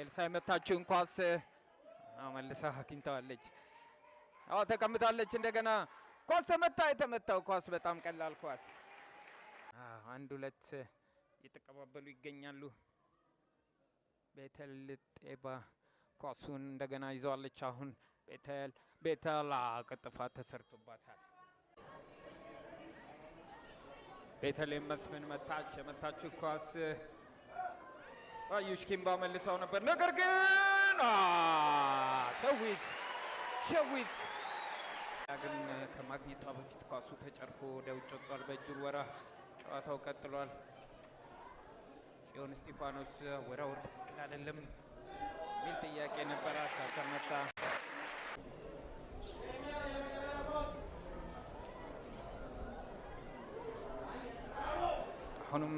ኤልሳ የመታችውን ኳስ መልሳ አግኝተዋለች። አዎ ተቀምጣለች። እንደገና ኳስ ተመታ። የተመታው ኳስ በጣም ቀላል ኳስ። አንድ ሁለት እየተቀባበሉ ይገኛሉ። ቤተል ጤባ ኳሱን እንደገና ይዘዋለች። አሁን ቤተል ቤተል ቅጥፋት ተሰርቶባታል። ቤተልሔም መስፍን መታች። የመታችው ኳስ አዩሽ ኪምባ መልሰው ነበር። ነገር ግን ሸዊት ሸዊት ግን ከማግኘቷ በፊት ኳሱ ተጨርፎ ወደ ውጭ ወጥቷል። በእጁር ወራ ጨዋታው ቀጥሏል። ጽዮን እስጢፋኖስ ወራወር ትክክል አይደለም ሚል ጥያቄ ነበራት። አልተመታ አሁንም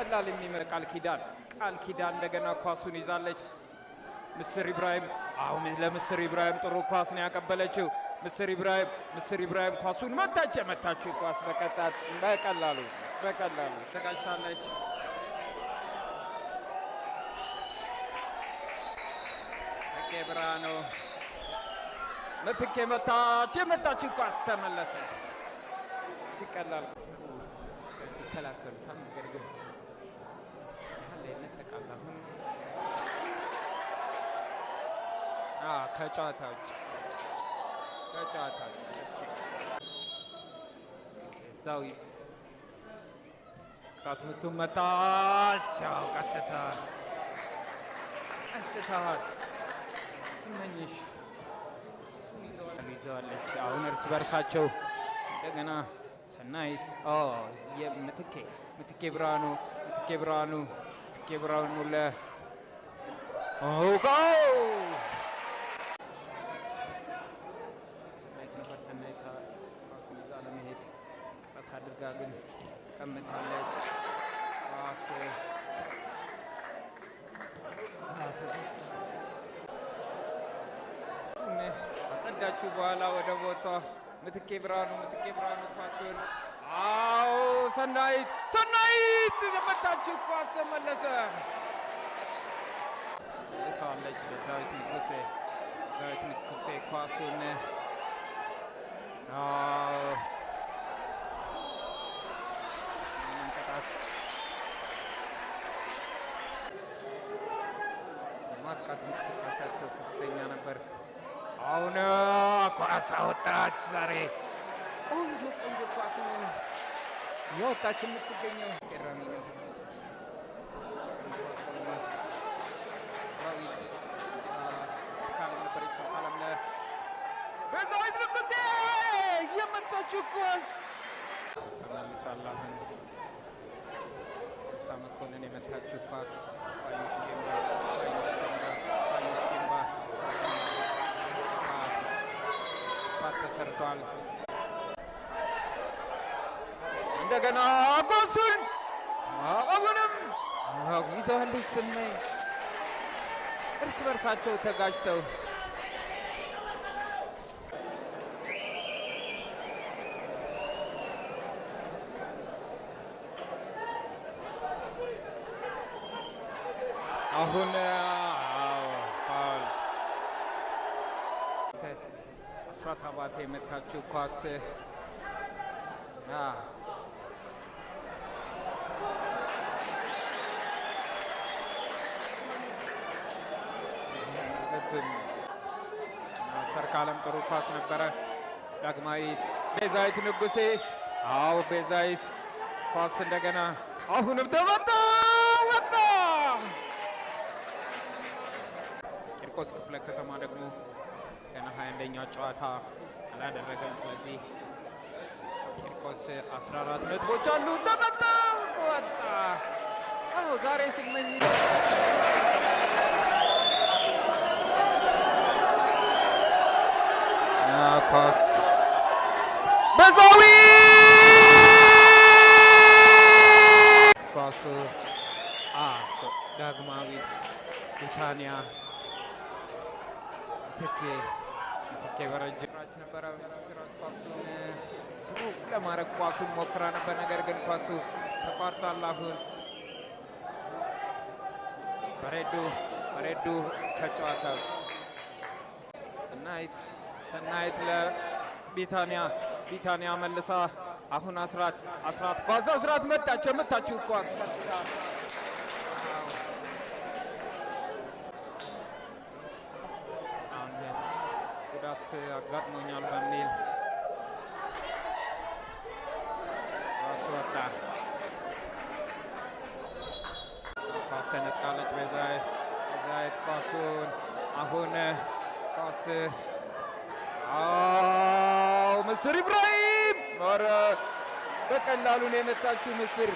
ቀላል የሚመ ቃል ኪዳን ቃል ኪዳን እንደገና ኳሱን ይዛለች። ምስር ኢብራሂም አሁን ለምስር ኢብራሂም ጥሩ ኳስ ነው ያቀበለችው። ምስር ኢብራሂም ምስር ኢብራሂም ኳሱን መታች። የመታችው ኳስ በቀጣት በቀላሉ በቀላሉ ተዘጋጅታለች። ተኬ ብርሃኑ ምትኬ መታች። የመታችው ኳስ ተመለሰ። ትቀላል ይከላከሉታል ነገር ግን ከጨዋታ ውጭ ከጨዋታ ውጭ እዛው ቅጣት ምቱን መታች። ያው ቀጥታ ቀጥታ ስመኝሽ ይዘዋለች። አሁን እርስ በርሳቸው እንደገና ሰናይት ምትኬ ምትኬ ብርሃኑ ምትኬ ብርሃኑ ምትኬ ብርሃኑ ለ ግን ቀምታለች። ኳስ አጸዳችሁ በኋላ ወደ ቦታ ምትኬ ብርሃኑ ምትኬ ብርሃኑ ኳሱን አዎ፣ ሰናይት ሰናይት የመታችው ኳስ ተመለሰ። መልሰዋለች። በዛዊት ንጉሴ ዛዊት ንጉሴ ኳሱን አዎ ማጥቃት የማጥቃት እንቅስቃሴያቸው ከፍተኛ ነበር። አሁን ኳስ አወጣች። ዛሬ ቆንጆ ቆንጆ ኳስ ነው የወጣች የምትገኘው ቀዳሚ ነው። ቤዛዊት ልኩሴ የመጣችው ኳስ አስተመልሷል ካሳ መኮንን የመታችው ኳስ ባዩሽ ጌምባ ባዩሽ ጌምባ ባዩሽ ጌምባ ጥፋት ተሰርቷል። እንደገና ኳሱን አሁንም ይዘዋለች ስናይ እርስ በርሳቸው ተጋጅተው አሁን ፋውል አስራት አባተ የመታችው ኳስ ሰርካለም ጥሩ ኳስ ነበረ። ዳግማዊት ቤዛዊት ንጉሴ። አዎ ቤዛዊት ኳስ እንደገና አሁንም ተመጣ ቂርቆስ ክፍለ ከተማ ደግሞ ገና 21ኛው ጨዋታ አላደረገም። ስለዚህ ቂርቆስ 14 ነጥቦች አሉ። ተመታ ወጣ። አዎ ዛሬ ስመኝ ኳስ ምትኬ በረጅም ራች ነበረ ሲራጅ ኳሱን ስሙ ለማድረግ ኳሱን ሞክራ ነበር። ነገር ግን ኳሱ ተቋርጧል። አሁን በሬዱ በሬዱ ከጨዋታ ሰናይት ሰናይት ለቢታንያ ቢታንያ መልሳ አሁን አስራት አስራት ኳስ አስራት መጣቸው መታችሁ ኳስ ቀጥታ ጉዳት አጋጥሞኛል በሚል ራሱ ወጣ። ኳስ ተነጥቃለች። በዛይት ኳሱን አሁን ኳስ ምስር ኢብራሂም! በቀላሉን የመታችው ምስር